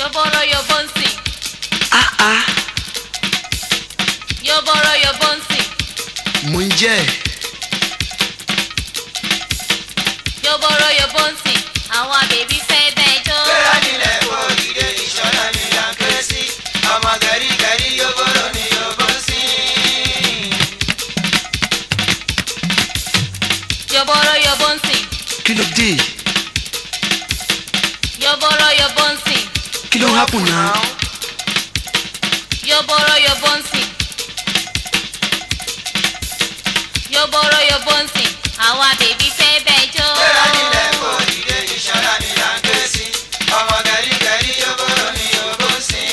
yọbọrọ yọbọ ń sìn. yọbọrọ yọbọ ń sìn. mo ń jẹ́ ẹ̀. yọbọrọ yọbọ ń sìn àwọn àbẹ̀bí fẹ́ bẹ́ẹ̀ jọ. gbéra nílẹ̀ wo ìdè ìṣọ́nà ni à ń ni yọbọ ń sìn. yọbọrọ yọbọ ń sìn don happen now. yoboro yobo nsìn yoboro yobo nsìn àwa bèbí fẹ́ bẹ́ẹ̀ jó. ẹ̀rọ nílẹ̀ kò ìdè ìṣọ́ra ni là ń gbé sí ọmọ gẹ̀rígẹ̀rí yoboro ni yobo nsìn.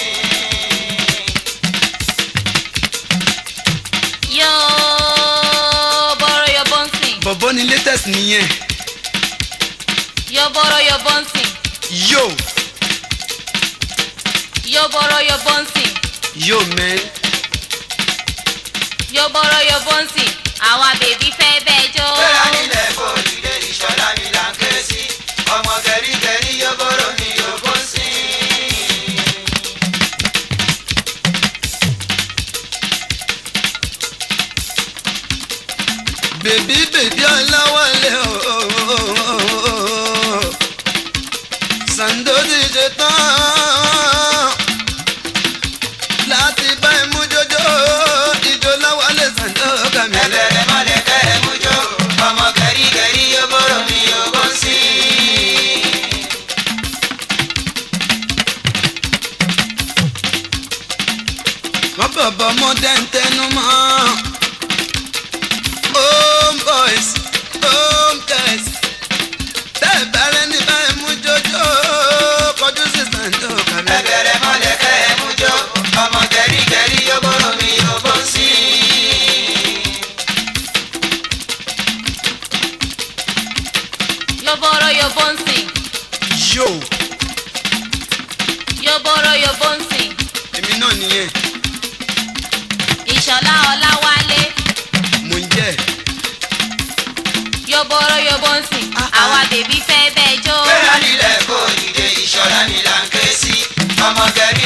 yoboro yobo nsìn. yo Yo borrow your bouncing. Yo man. Yo borrow your bouncing. Our baby fẹ́ bẹ́ẹ̀ jó. baby, á nílẹ̀ kò dìde ìṣọ́lá mi là ń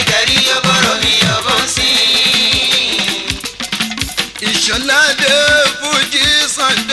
kẹrí ọgọ́rọ̀ ni ọbọ̀ ń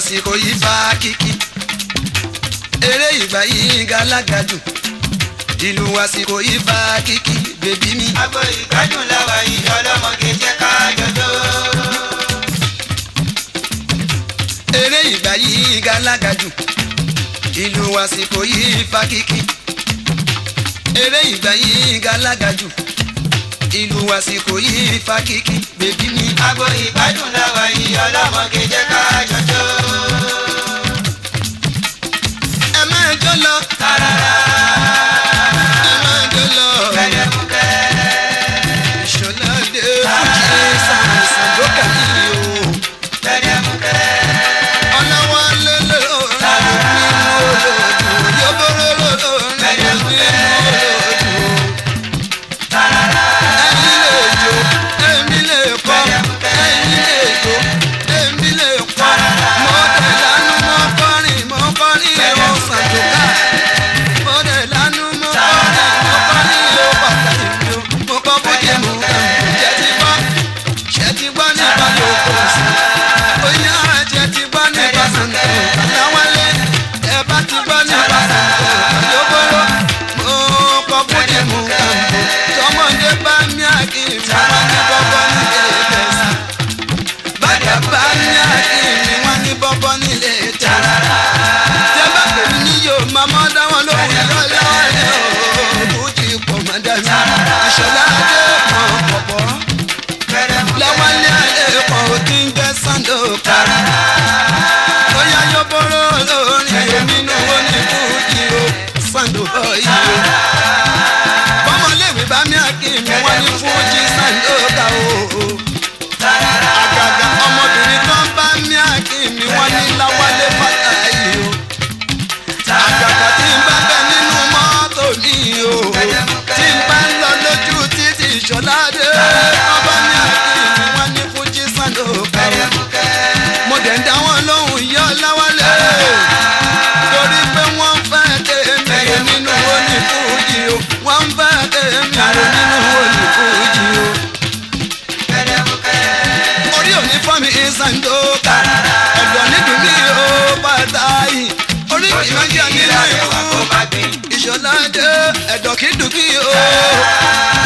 àsìkò yìí bá kíkí eré ìgbà yìí galagadu ìlú àsìkò yìí bá kíkí bèbí mi. agbo ìgbádùn làwà yìí ọlọ́mọge jẹ́ ká jọjọ́. eré ìgbà yìí galagadu ìlú àsìkò yìí bá kíkí eré ìgbà yìí galagadu ìlú àsìkò yìí bá kíkí bèbí mi. agbo ìgbádùn làwọn iye ọlọ́mọ kejì ká jọjọ́. dùn kí o.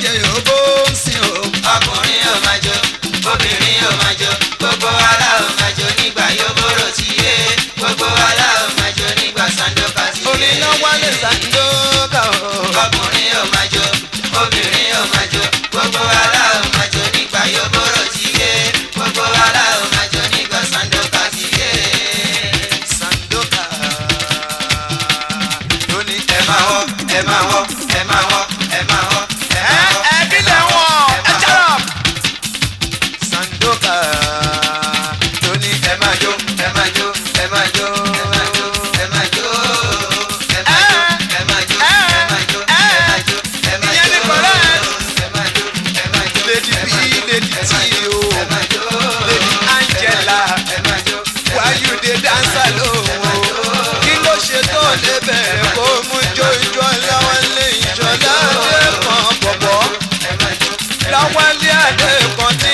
jẹ yòókó ń sìn o. ọkùnrin yóò máa jọ obìnrin yóò máa jọ. kọ́dé.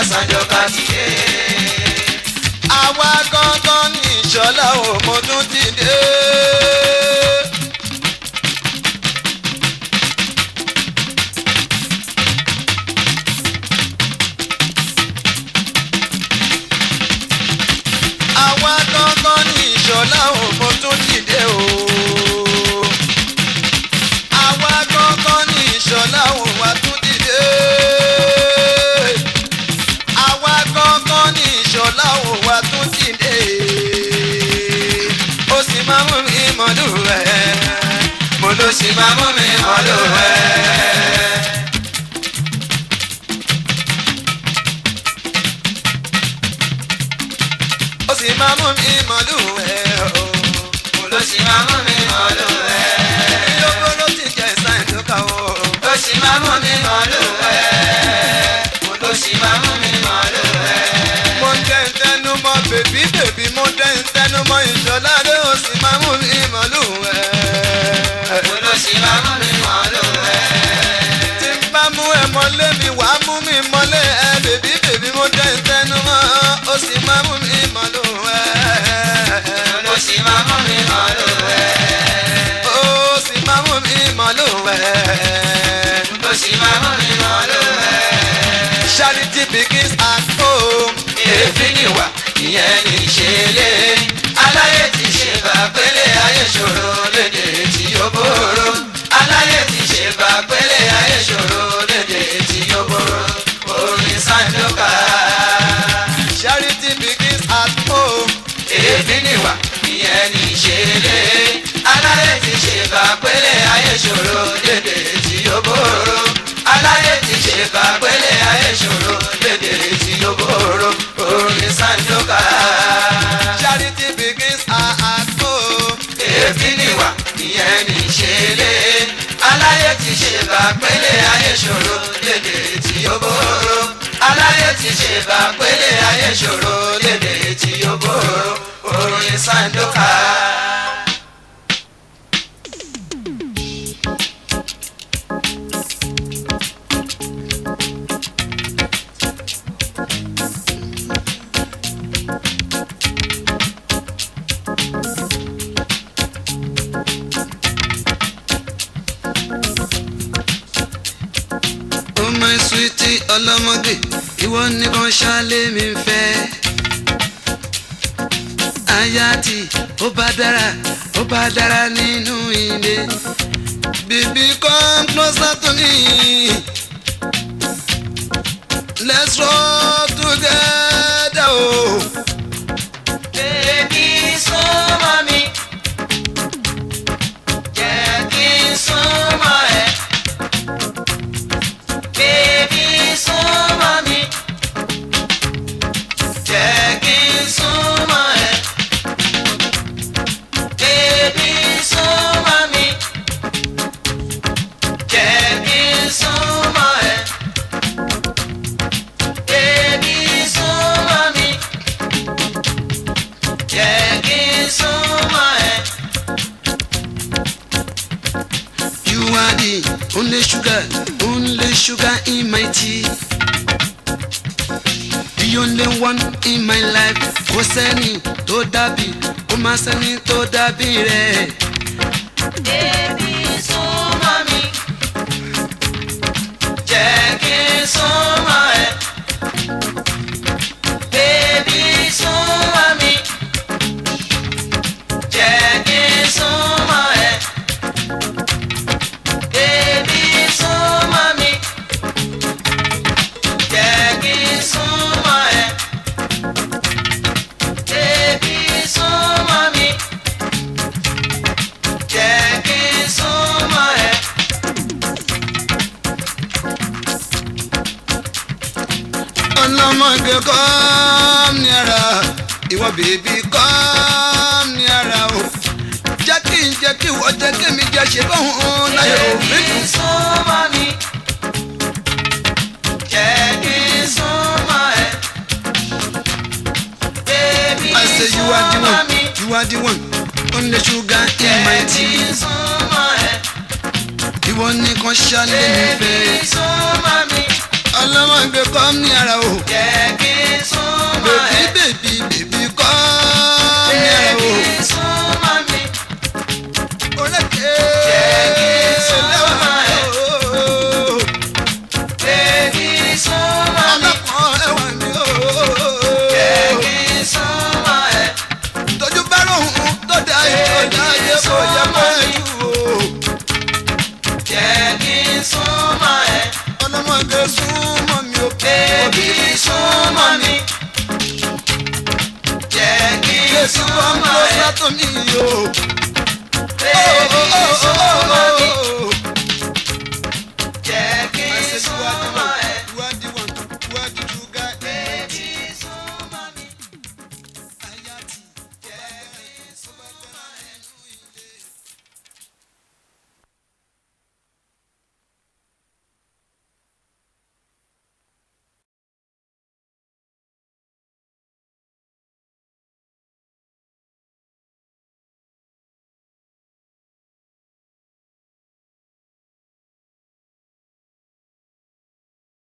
Ọbásanjọ́ Kásìdé. bí mo dẹ́ ń tẹnumọ́ ìṣọ́lá lé o sì máa mú mi mọ̀lú ẹ̀. àpòlò sì máa mú mi mọ̀lú ẹ̀. tí n bá mú ẹ mọ́lé mi wàá mú mi mọ́lé ẹ bèbí bèbí mo dẹ́ ń tẹnumọ́ o sì máa mú mi mọ̀lú ẹ̀. pélé ayé ṣòro lédè tí ó bóró aláyé ti ṣe bá pélé ayé ṣòro lédè tí ó bóró orin sandoka. ọlọ́mọdé ìwọ nìkan ṣálẹ̀ mi fẹ́. aya tí ó bá dára ó bá dára nínú ilé. Baby come closer to me. Let's rock. body only sugar only sugar in my tea the only one in my life kò sẹ́ni tó dàbí kò má sẹ́ni tó dàbí rẹ̀. bébí súnmọ́ mi jẹ́ kí n súnmọ́ ẹ. are the one, only sugar in my tea. Ìwọ nìkan ṣáálẹ̀ mi fẹ́. Ọlọ́mọ gbé kọ́ mi ara o. Bèbí bẹ́ẹ̀. mi o.